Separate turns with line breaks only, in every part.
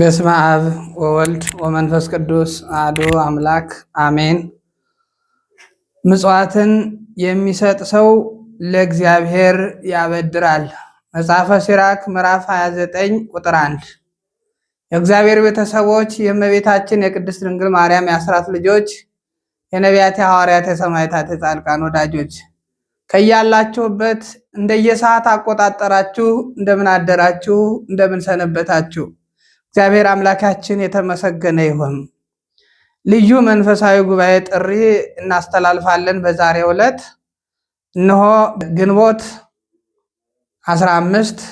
በስመ አብ ወወልድ ወመንፈስ ቅዱስ አሐዱ አምላክ አሜን። ምጽዋትን የሚሰጥ ሰው ለእግዚአብሔር ያበድራል። መጽሐፈ ሲራክ ምዕራፍ 29 ቁጥር 1። የእግዚአብሔር ቤተሰቦች የእመቤታችን የቅድስት ድንግል ማርያም የአስራት ልጆች የነቢያት፣ የሐዋርያት፣ የሰማዕታት፣ የጻድቃን ወዳጆች ከያላችሁበት እንደየሰዓት አቆጣጠራችሁ እንደምን አደራችሁ፣ እንደምን ሰነበታችሁ? እግዚአብሔር አምላካችን የተመሰገነ ይሁን። ልዩ መንፈሳዊ ጉባኤ ጥሪ እናስተላልፋለን። በዛሬ ዕለት እነሆ ግንቦት 15፣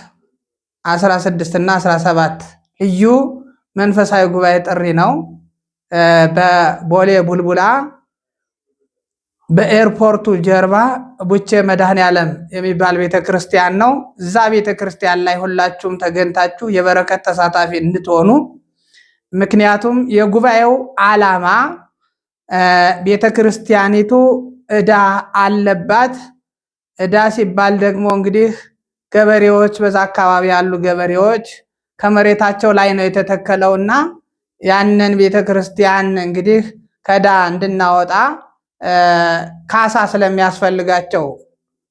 16 እና 17 ልዩ መንፈሳዊ ጉባኤ ጥሪ ነው በቦሌ ቡልቡላ በኤርፖርቱ ጀርባ ቡቼ መድኃኔ ዓለም የሚባል ቤተክርስቲያን ነው። እዛ ቤተክርስቲያን ላይ ሁላችሁም ተገኝታችሁ የበረከት ተሳታፊ እንድትሆኑ ምክንያቱም የጉባኤው ዓላማ ቤተክርስቲያኒቱ እዳ አለባት። እዳ ሲባል ደግሞ እንግዲህ ገበሬዎች በዛ አካባቢ ያሉ ገበሬዎች ከመሬታቸው ላይ ነው የተተከለውና ያንን ቤተክርስቲያን እንግዲህ ከዳ እንድናወጣ ካሳ ስለሚያስፈልጋቸው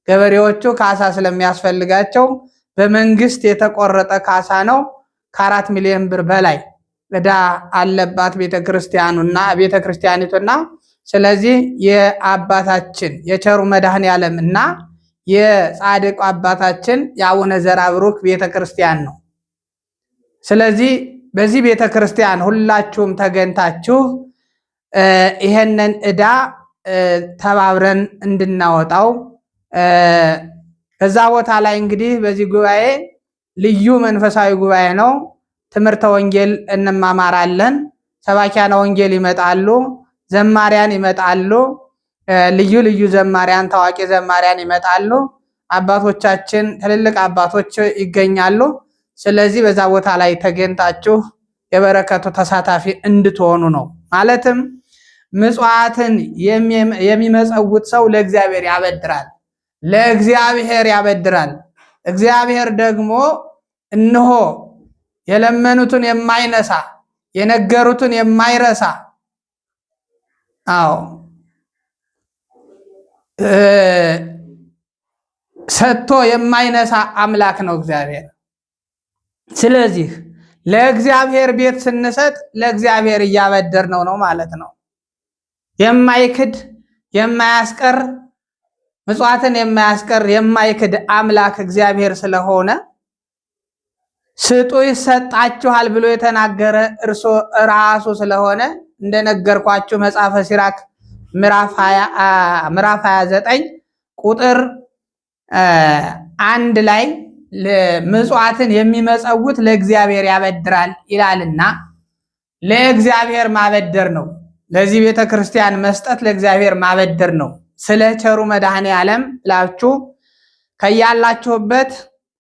ገበሬዎቹ ካሳ ስለሚያስፈልጋቸው በመንግስት የተቆረጠ ካሳ ነው። ከአራት ሚሊዮን ብር በላይ እዳ አለባት ቤተክርስቲያኑና ቤተክርስቲያኒቱና ስለዚህ የአባታችን የቸሩ መድኃኔ ዓለም እና የጻድቁ አባታችን የአቡነ ዘራብሩክ ቤተክርስቲያን ነው። ስለዚህ በዚህ ቤተክርስቲያን ሁላችሁም ተገኝታችሁ ይሄንን እዳ ተባብረን እንድናወጣው በዛ ቦታ ላይ እንግዲህ በዚህ ጉባኤ ልዩ መንፈሳዊ ጉባኤ ነው። ትምህርተ ወንጌል እንማማራለን። ሰባኪያነ ወንጌል ይመጣሉ፣ ዘማሪያን ይመጣሉ፣ ልዩ ልዩ ዘማሪያን፣ ታዋቂ ዘማሪያን ይመጣሉ። አባቶቻችን፣ ትልልቅ አባቶች ይገኛሉ። ስለዚህ በዛ ቦታ ላይ ተገኝታችሁ የበረከቱ ተሳታፊ እንድትሆኑ ነው ማለትም ምጽዋትን የሚመጸውት ሰው ለእግዚአብሔር ያበድራል ለእግዚአብሔር ያበድራል። እግዚአብሔር ደግሞ እነሆ የለመኑትን የማይነሳ የነገሩትን የማይረሳ አዎ ሰጥቶ የማይነሳ አምላክ ነው እግዚአብሔር። ስለዚህ ለእግዚአብሔር ቤት ስንሰጥ ለእግዚአብሔር እያበደርነው ነው ማለት ነው። የማይክድ የማያስቀር ምጽዋትን የማያስቀር የማይክድ አምላክ እግዚአብሔር ስለሆነ ስጡ ይሰጣችኋል ብሎ የተናገረ እርሶ ራሱ ስለሆነ እንደነገርኳችሁ መጽሐፈ ሲራክ ምዕራፍ 29 ቁጥር አንድ ላይ ምጽዋትን የሚመጸውት ለእግዚአብሔር ያበድራል ይላልና ለእግዚአብሔር ማበደር ነው። ለዚህ ቤተ ክርስቲያን መስጠት ለእግዚአብሔር ማበደር ነው። ስለ ቸሩ መድኃኔ ዓለም ብላችሁ ከያላችሁበት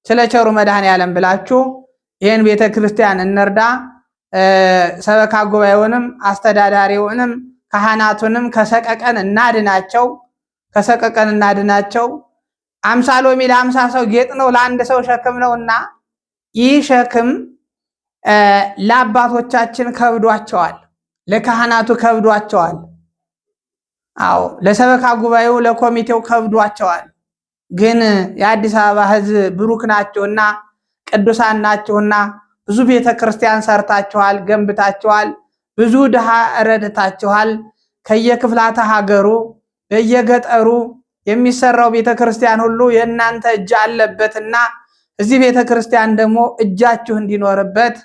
ስለ ቸሩ መድኃኔ ዓለም ብላችሁ ይህን ቤተ ክርስቲያን እንርዳ። ሰበካ ጉባኤውንም አስተዳዳሪውንም ካህናቱንም ከሰቀቀን እናድናቸው፣ ከሰቀቀን እናድናቸው። አምሳ ሎሚ ለአምሳ ሰው ጌጥ ነው፣ ለአንድ ሰው ሸክም ነው እና ይህ ሸክም ለአባቶቻችን ከብዷቸዋል። ለካህናቱ ከብዷቸዋል። አዎ ለሰበካ ጉባኤው ለኮሚቴው ከብዷቸዋል። ግን የአዲስ አበባ ሕዝብ ብሩክ ናቸውና ቅዱሳን ናቸውና ብዙ ቤተ ክርስቲያን ሰርታችኋል፣ ገንብታችኋል፣ ብዙ ድሃ ረድታችኋል። ከየክፍላተ ሀገሩ በየገጠሩ የሚሰራው ቤተ ክርስቲያን ሁሉ የእናንተ እጅ አለበትና እዚህ ቤተ ክርስቲያን ደግሞ እጃችሁ እንዲኖርበት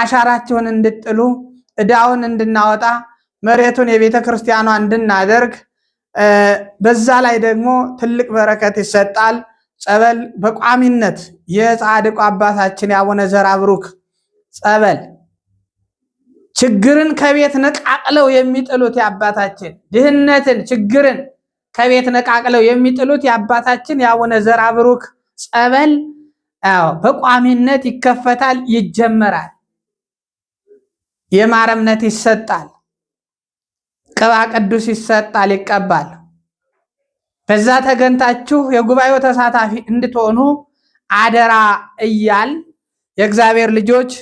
አሻራችሁን እንድጥሉ እዳውን እንድናወጣ መሬቱን የቤተ ክርስቲያኗ እንድናደርግ በዛ ላይ ደግሞ ትልቅ በረከት ይሰጣል። ጸበል በቋሚነት የጻድቁ አባታችን የአቡነ ዘራብሩክ ጸበል ችግርን ከቤት ነቃቅለው የሚጥሉት የአባታችን ድህነትን፣ ችግርን ከቤት ነቃቅለው የሚጥሉት የአባታችን የአቡነ ዘራብሩክ ጸበል በቋሚነት ይከፈታል፣ ይጀመራል። የማር እምነት ይሰጣል፣ ቅባ ቅዱስ ይሰጣል፣ ይቀባል። በዛ ተገንታችሁ የጉባኤው ተሳታፊ እንድትሆኑ አደራ እያል የእግዚአብሔር ልጆች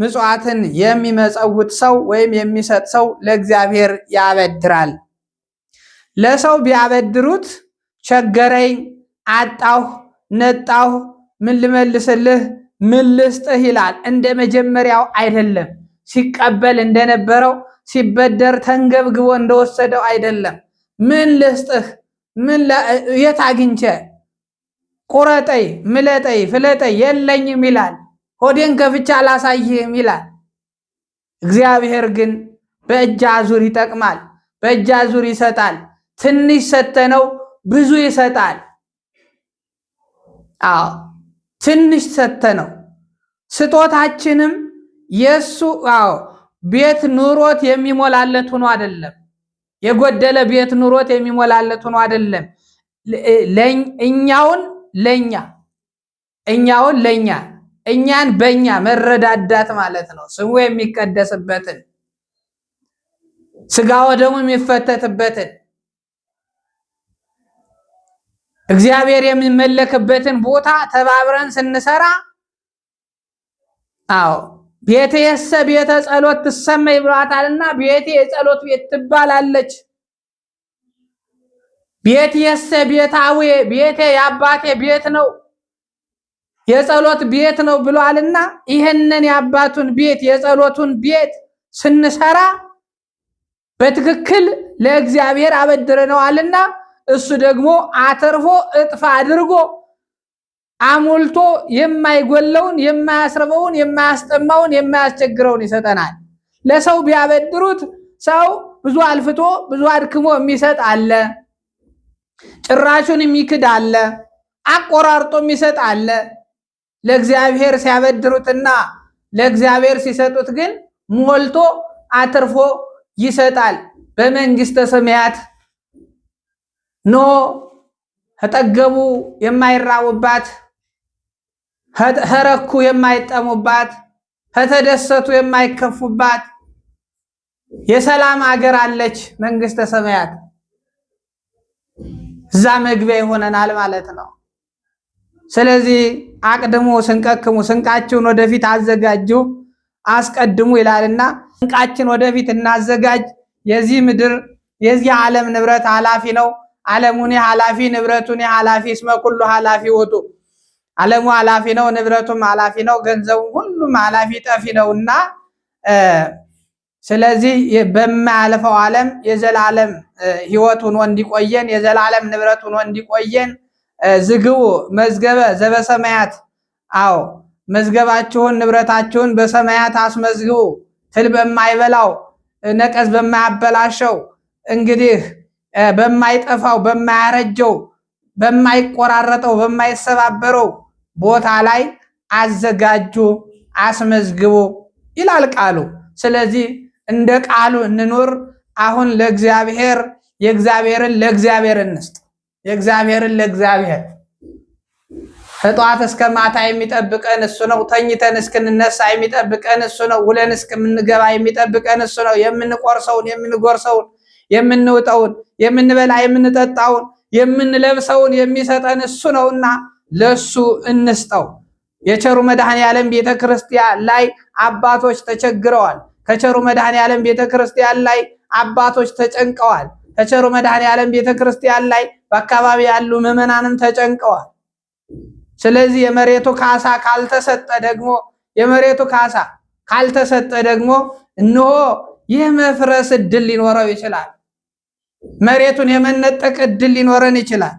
ምጽዋትን የሚመጸውት ሰው ወይም የሚሰጥ ሰው ለእግዚአብሔር ያበድራል። ለሰው ቢያበድሩት ቸገረኝ፣ አጣሁ፣ ነጣሁ፣ ምን ልመልስልህ፣ ምን ልስጥህ ይላል። እንደ መጀመሪያው አይደለም። ሲቀበል እንደነበረው ሲበደር ተንገብግቦ እንደወሰደው አይደለም። ምን ልስጥህ፣ ምን የት አግኝቼ ቁረጠይ፣ ምለጠይ፣ ፍለጠይ የለኝም ይላል። ሆዴን ከፍቻ አላሳይህም ይላል። እግዚአብሔር ግን በእጅ አዙር ይጠቅማል፣ በእጅ አዙር ይሰጣል። ትንሽ ሰተነው ብዙ ይሰጣል። አዎ ትንሽ ሰተነው ስጦታችንም የሱ አዎ ቤት ኑሮት የሚሞላለት ሆኖ አይደለም። የጎደለ ቤት ኑሮት የሚሞላለት ሆኖ አይደለም። እኛውን ለኛ እኛውን ለኛ እኛን በእኛ መረዳዳት ማለት ነው። ስሙ የሚቀደስበትን ስጋ ወደሙ የሚፈተትበትን እግዚአብሔር የሚመለክበትን ቦታ ተባብረን ስንሰራ አዎ ቤቴ የሰ ቤተ ጸሎት ትሰመይ ብሏታልና ቤቴ የጸሎት ቤት ትባላለች። ቤት የሰ ቤተ አዌ ቤቴ የአባቴ ቤት ነው የጸሎት ቤት ነው ብሏልና ይህንን የአባቱን ቤት የጸሎቱን ቤት ስንሰራ በትክክል ለእግዚአብሔር አበድረነዋልና እሱ ደግሞ አተርፎ እጥፍ አድርጎ አሞልቶ የማይጎለውን የማያስርበውን የማያስጠማውን የማያስቸግረውን ይሰጠናል። ለሰው ቢያበድሩት ሰው ብዙ አልፍቶ ብዙ አድክሞ የሚሰጥ አለ። ጭራሹን የሚክድ አለ። አቆራርጦ የሚሰጥ አለ። ለእግዚአብሔር ሲያበድሩትና ለእግዚአብሔር ሲሰጡት ግን ሞልቶ አትርፎ ይሰጣል። በመንግስተ ሰማያት ኖ ተጠገቡ የማይራቡባት ተረኩ የማይጠሙባት ከተደሰቱ የማይከፉባት የሰላም አገር አለች መንግስተ ሰማያት። እዛ መግቢያ ይሆነናል ማለት ነው። ስለዚህ አቅድሙ ስንቀክሙ ስንቃችሁን ወደፊት አዘጋጁ አስቀድሙ ይላልና ስንቃችን ወደፊት እናዘጋጅ። የዚህ ምድር የዚህ ዓለም ንብረት ኃላፊ ነው። ዓለሙን ኃላፊ ንብረቱን ኃላፊ እስመ ኩሉ ኃላፊ ወጡ ዓለሙ አላፊ ነው፣ ንብረቱም አላፊ ነው፣ ገንዘቡም ሁሉም አላፊ ጠፊ ነውና ስለዚህ በማያልፈው ዓለም የዘላለም ህይወት ሆኖ እንዲቆየን የዘላለም ንብረት ሆኖ እንዲቆየን ዝግቡ መዝገበ ዘበሰማያት። አዎ መዝገባችሁን ንብረታችሁን በሰማያት አስመዝግቡ። ትል በማይበላው ነቀዝ በማያበላሸው እንግዲህ በማይጠፋው በማያረጀው በማይቆራረጠው በማይሰባበረው ቦታ ላይ አዘጋጁ፣ አስመዝግቡ ይላል ቃሉ። ስለዚህ እንደ ቃሉ እንኑር። አሁን ለእግዚአብሔር የእግዚአብሔርን ለእግዚአብሔር እንስጥ። የእግዚአብሔርን ለእግዚአብሔር ከጠዋት እስከ ማታ የሚጠብቀን እሱ ነው። ተኝተን እስክንነሳ የሚጠብቀን እሱ ነው። ውለን እስከምንገባ የሚጠብቀን እሱ ነው። የምንቆርሰውን፣ የምንጎርሰውን፣ የምንውጠውን፣ የምንበላ፣ የምንጠጣውን፣ የምንለብሰውን የሚሰጠን እሱ ነውና ለሱ እንስጠው። የቸሩ መድኃኔ ዓለም ክርስቲያን ላይ አባቶች ተቸግረዋል። ከቸሩ መድኃኔ ዓለም ቤተክርስቲያን ላይ አባቶች ተጨንቀዋል። ከቸሩ መድኃኔ ዓለም ቤተክርስቲያን ላይ በአካባቢ ያሉ ምዕመናንም ተጨንቀዋል። ስለዚህ የመሬቱ ካሳ ካልተሰጠ ደግሞ የመሬቱ ካሳ ካልተሰጠ ደግሞ እነሆ ይህ መፍረስ እድል ሊኖረው ይችላል። መሬቱን የመነጠቅ እድል ሊኖረን ይችላል።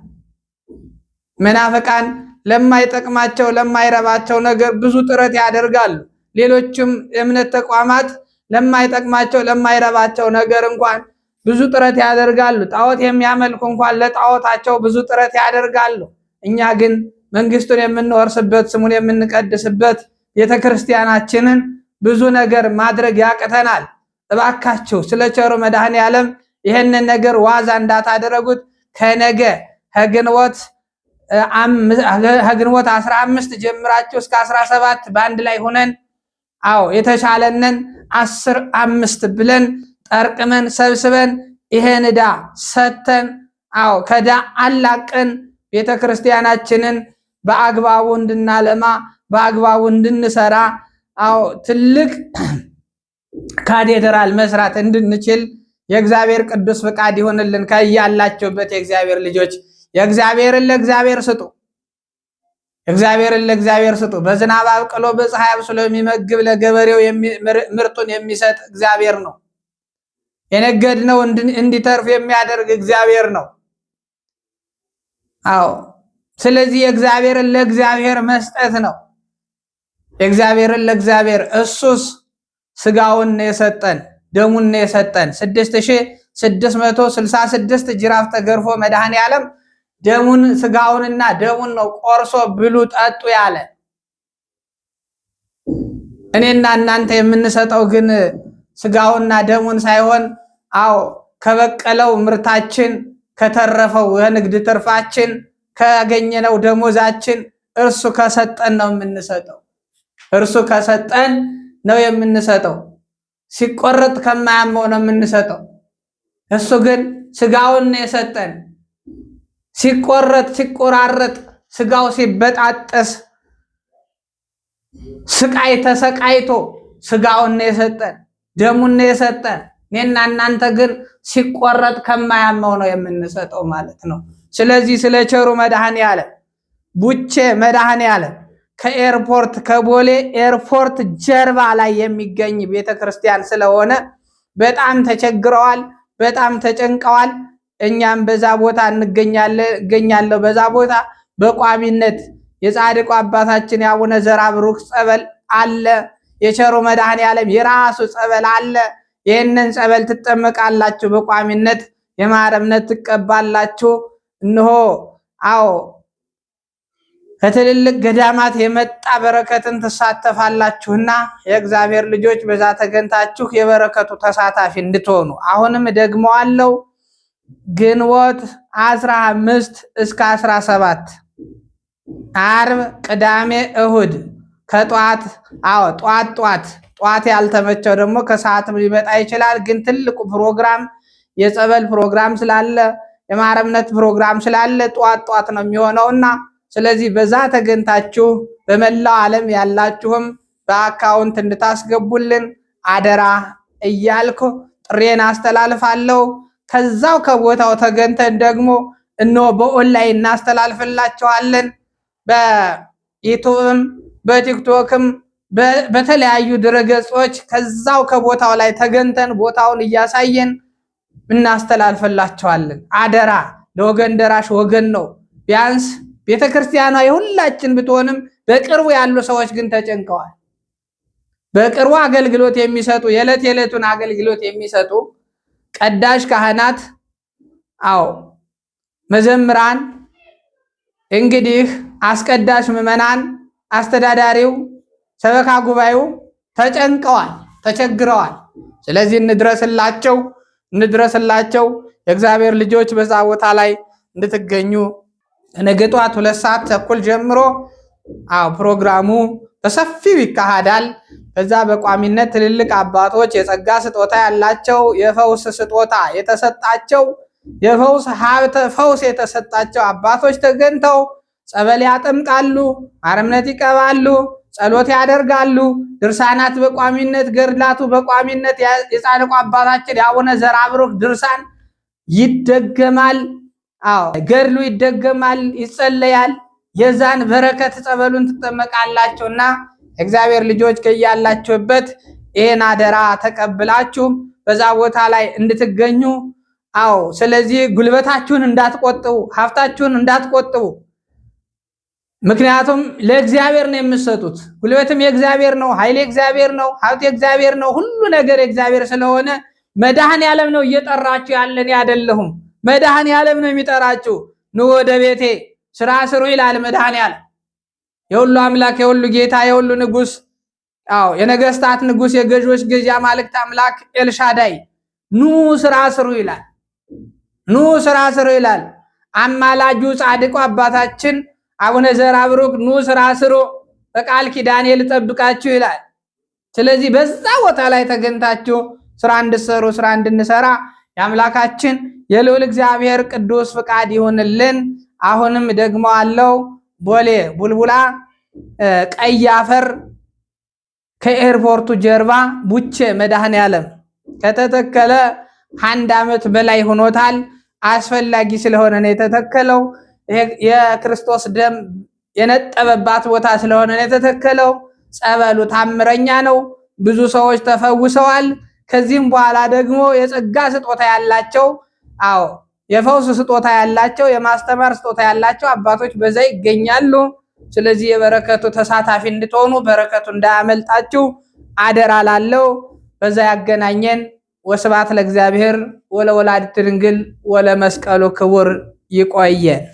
መናፍቃን ለማይጠቅማቸው ለማይረባቸው ነገር ብዙ ጥረት ያደርጋሉ። ሌሎችም እምነት ተቋማት ለማይጠቅማቸው ለማይረባቸው ነገር እንኳን ብዙ ጥረት ያደርጋሉ። ጣዖት የሚያመልኩ እንኳን ለጣዖታቸው ብዙ ጥረት ያደርጋሉ። እኛ ግን መንግስቱን የምንወርስበት ስሙን የምንቀድስበት ቤተክርስቲያናችንን ብዙ ነገር ማድረግ ያቅተናል። እባካችሁ ስለ ቸሩ መድኃኔ ዓለም ይህንን ነገር ዋዛ እንዳታደረጉት ከነገ ከግንቦት ከግንቦት 15 አምስት ጀምራችሁ እስከ 17 በአንድ ላይ ሆነን አዎ የተሻለንን አስር አምስት ብለን ጠርቅመን ሰብስበን ይሄን ዕዳ ሰተን አዎ ከዳ አላቅን ቤተ ክርስቲያናችንን በአግባቡ እንድናለማ በአግባቡ እንድንሰራ አዎ ትልቅ ካቴድራል መስራት እንድንችል የእግዚአብሔር ቅዱስ ፍቃድ ይሆንልን ከያላችሁበት የእግዚአብሔር ልጆች የእግዚአብሔርን ለእግዚአብሔር ስጡ። እግዚአብሔርን ለእግዚአብሔር ስጡ። በዝናብ አብቅሎ በፀሐይ አብስሎ የሚመግብ ለገበሬው ምርቱን የሚሰጥ እግዚአብሔር ነው። የነገድነው እንዲተርፍ የሚያደርግ እግዚአብሔር ነው። አዎ፣ ስለዚህ የእግዚአብሔርን ለእግዚአብሔር መስጠት ነው። የእግዚአብሔርን ለእግዚአብሔር እሱስ ስጋውን ነው የሰጠን፣ ደሙን ነው የሰጠን። 6666 ጅራፍ ተገርፎ መድኃኔ ዓለም ደሙን ስጋውንና ደሙን ነው ቆርሶ ብሉ ጠጡ ያለ። እኔና እናንተ የምንሰጠው ግን ስጋውና ደሙን ሳይሆን አዎ ከበቀለው ምርታችን ከተረፈው የንግድ ትርፋችን ካገኘነው ደሞዛችን እርሱ ከሰጠን ነው የምንሰጠው። እርሱ ከሰጠን ነው የምንሰጠው። ሲቆረጥ ከማያመው ነው የምንሰጠው። እሱ ግን ስጋውን ነው የሰጠን። ሲቆረጥ ሲቆራረጥ ስጋው ሲበጣጠስ ስቃይ ተሰቃይቶ ስጋውን የሰጠን፣ ደሙን የሰጠን። እኔና እናንተ ግን ሲቆረጥ ከማያመው ነው የምንሰጠው ማለት ነው። ስለዚህ ስለ ቸሩ መድኃኔ ዓለም ቡቼ መድኃኔ ዓለም ከኤርፖርት ከቦሌ ኤርፖርት ጀርባ ላይ የሚገኝ ቤተክርስቲያን ስለሆነ በጣም ተቸግረዋል፣ በጣም ተጨንቀዋል። እኛም በዛ ቦታ እንገኛለን በዛ ቦታ በቋሚነት የጻድቁ አባታችን የአቡነ ዘራ ብሩክ ጸበል አለ። የቸሩ መድኃኔ ዓለም የራሱ ጸበል አለ። ይህንን ጸበል ትጠመቃላችሁ፣ በቋሚነት የማረምነት ትቀባላችሁ። እንሆ አዎ ከትልልቅ ገዳማት የመጣ በረከትን ትሳተፋላችሁና የእግዚአብሔር ልጆች በዛ ተገንታችሁ የበረከቱ ተሳታፊ እንድትሆኑ አሁንም አለው። ግንቦት አስራ እስከ 17 አርብ፣ ቅዳሜ፣ እሁድ ከጧት አዎ ጧት ጧት ጧት ያልተመቸው ደግሞ ከሰዓትም ሊመጣ ይችላል። ግን ትልቁ ፕሮግራም የጸበል ፕሮግራም ስላለ የማረምነት ፕሮግራም ስላለ ጧት ጧት ነው የሚሆነውና ስለዚህ በዛ ተገኝታችሁ በመላው ዓለም ያላችሁም በአካውንት እንድታስገቡልን አደራ እያልኩ ጥሬን አስተላልፋለሁ። ከዛው ከቦታው ተገንተን ደግሞ እኖ በኦንላይን እናስተላልፍላችኋለን። በዩቱብም በቲክቶክም በተለያዩ ድረገጾች ከዛው ከቦታው ላይ ተገንተን ቦታውን እያሳየን እናስተላልፍላቸዋለን። አደራ ለወገን ደራሽ ወገን ነው። ቢያንስ ቤተክርስቲያኗ የሁላችን ብትሆንም በቅርቡ ያሉ ሰዎች ግን ተጨንቀዋል። በቅርቡ አገልግሎት የሚሰጡ የዕለት የዕለቱን አገልግሎት የሚሰጡ ቀዳሽ ካህናት፣ አዎ መዘምራን፣ እንግዲህ አስቀዳሽ ምዕመናን፣ አስተዳዳሪው፣ ሰበካ ጉባኤው ተጨንቀዋል፣ ተቸግረዋል። ስለዚህ እንድረስላቸው እንድረስላቸው የእግዚአብሔር ልጆች በዛ ቦታ ላይ እንድትገኙ ነገ ጠዋት ሁለት ሰዓት ተኩል ጀምሮ አዎ ፕሮግራሙ በሰፊው ይካሄዳል። በዛ በቋሚነት ትልልቅ አባቶች የጸጋ ስጦታ ያላቸው የፈውስ ስጦታ የተሰጣቸው የፈውስ ሀብተ ፈውስ የተሰጣቸው አባቶች ተገኝተው ጸበል ያጠምቃሉ፣ አርምነት ይቀባሉ፣ ጸሎት ያደርጋሉ። ድርሳናት በቋሚነት ገድላቱ በቋሚነት የጻድቁ አባታችን የአቡነ ዘራብሩክ ድርሳን ይደገማል። አዎ ገድሉ ይደገማል፣ ይጸለያል። የዛን በረከት ጸበሉን ትጠመቃላቸውና እግዚአብሔር ልጆች ከያላችሁበት ይሄን አደራ ተቀብላችሁ በዛ ቦታ ላይ እንድትገኙ። አዎ፣ ስለዚህ ጉልበታችሁን እንዳትቆጥቡ፣ ሀብታችሁን እንዳትቆጥቡ። ምክንያቱም ለእግዚአብሔር ነው የምትሰጡት። ጉልበትም የእግዚአብሔር ነው፣ ኃይል የእግዚአብሔር ነው፣ ሀብት የእግዚአብሔር ነው፣ ሁሉ ነገር የእግዚአብሔር ስለሆነ መድኃኔ ዓለም ነው እየጠራችሁ ያለን አይደለሁም። መድኃኔ ያለም ነው የሚጠራችሁ። ኑ ወደ ቤቴ ስራ ስሩ ይላል መድኃኔ የሁሉ አምላክ የሁሉ ጌታ የሁሉ ንጉስ፣ አዎ የነገስታት ንጉስ የገዢዎች ገዢ አማልክት አምላክ ኤልሻዳይ ኑ ስራ ስሩ ይላል። ኑ ስራ ስሩ ይላል። አማላጁ ጻድቁ አባታችን አቡነ ዘራብሩክ ኑ ስራ ስሩ በቃል ኪዳኔ ልጠብቃችሁ ይላል። ስለዚህ በዛ ቦታ ላይ ተገኝታችሁ ስራ እንድሰሩ ስራ እንድንሰራ የአምላካችን የልዑል እግዚአብሔር ቅዱስ ፍቃድ ይሁንልን። አሁንም ደግሞ አለው ቦሌ ቡልቡላ፣ ቀይ አፈር፣ ከኤርፖርቱ ጀርባ ቡቼ መድኃኔ ዓለም ከተተከለ አንድ ዓመት በላይ ሆኖታል። አስፈላጊ ስለሆነ ነው የተተከለው። የክርስቶስ ደም የነጠበባት ቦታ ስለሆነ ነው የተተከለው። ጸበሉ ታምረኛ ነው። ብዙ ሰዎች ተፈውሰዋል። ከዚህም በኋላ ደግሞ የጸጋ ስጦታ ያላቸው አዎ የፈውስ ስጦታ ያላቸው የማስተማር ስጦታ ያላቸው አባቶች በዛ ይገኛሉ። ስለዚህ የበረከቱ ተሳታፊ እንድትሆኑ በረከቱ እንዳያመልጣችሁ አደራ ላለው በዛ ያገናኘን። ወስብሐት ለእግዚአብሔር ወለወላዲቱ ድንግል ወለመስቀሉ ክቡር። ይቆየን።